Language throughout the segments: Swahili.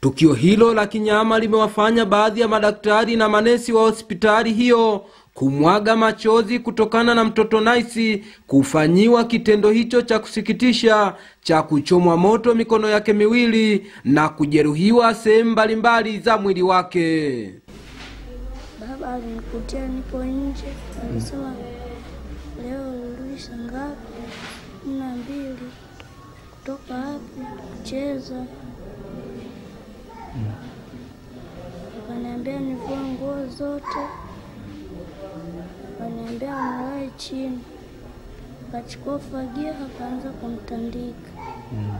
Tukio hilo la kinyama limewafanya baadhi ya madaktari na manesi wa hospitali hiyo kumwaga machozi kutokana na mtoto Naisi kufanyiwa kitendo hicho cha kusikitisha cha kuchomwa moto mikono yake miwili na kujeruhiwa sehemu mbalimbali za mwili wake. Baba alinikutia nipo nje, leo ngapi? Kumi na mbili, kutoka hapo cheza wananiambia nivue nguo zote, wananiambia amelae chini, akachukua fagio akaanza kumtandika mm.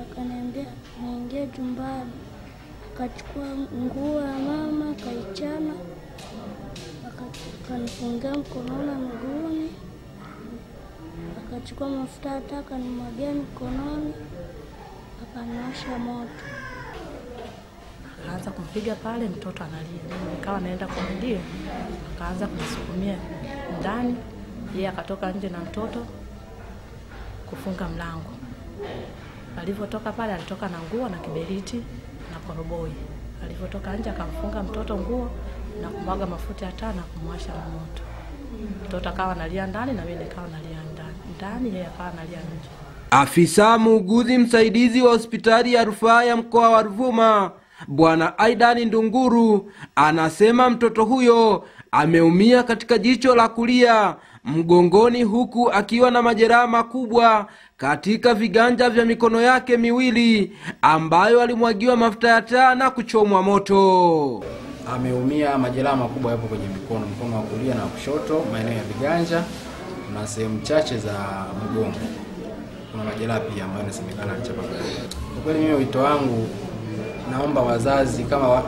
Akaniambia niingie jumbani, akachukua nguo ya mama akaichana, akanifungia mkononi na miguuni, akachukua mafuta hata akanimwagia mkononi, akaniwasha moto akaanza kumpiga pale, mtoto analia, nikawa naenda kumlia, akaanza kumsukumia ndani, yeye akatoka nje na mtoto kufunga mlango. Alivyotoka pale, alitoka na nguo na kiberiti na koroboi. Alivyotoka nje, akamfunga mtoto nguo na kumwaga mafuta ya taa na kumwasha moto. Mtoto akawa analia ndani na mimi nikawa nalia ndani ndani, yeye akawa analia nje. Afisa muuguzi msaidizi wa hospitali ya rufaa ya mkoa wa Ruvuma Bwana aidani Ndunguru anasema mtoto huyo ameumia katika jicho la kulia mgongoni, huku akiwa na majeraha makubwa katika viganja vya mikono yake miwili ambayo alimwagiwa mafuta ya taa na kuchomwa moto. Ameumia, majeraha makubwa yapo kwenye mikono, mkono wa kulia na kushoto, maeneo ya viganja na sehemu chache za mgongo. Kuna majeraha pia ambayo inasemekana chapa Kwa kweli mimi wito wangu naomba wazazi kama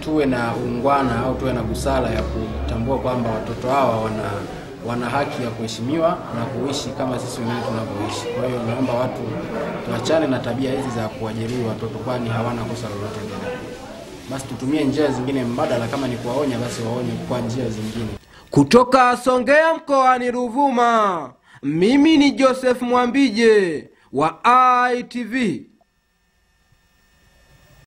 tuwe na ungwana au tuwe na busara ya kutambua kwamba watoto hawa wana wana haki ya kuheshimiwa na kuishi kama sisi wengine tunavyoishi. Kwa hiyo naomba watu tuachane na tabia hizi za kuwajeruhi watoto, kwani hawana kosa lolote Basi tutumie njia zingine mbadala, kama ni kuwaonya, basi waonye kwa njia zingine. Kutoka Songea mkoani Ruvuma, mimi ni Joseph Mwambije wa ITV.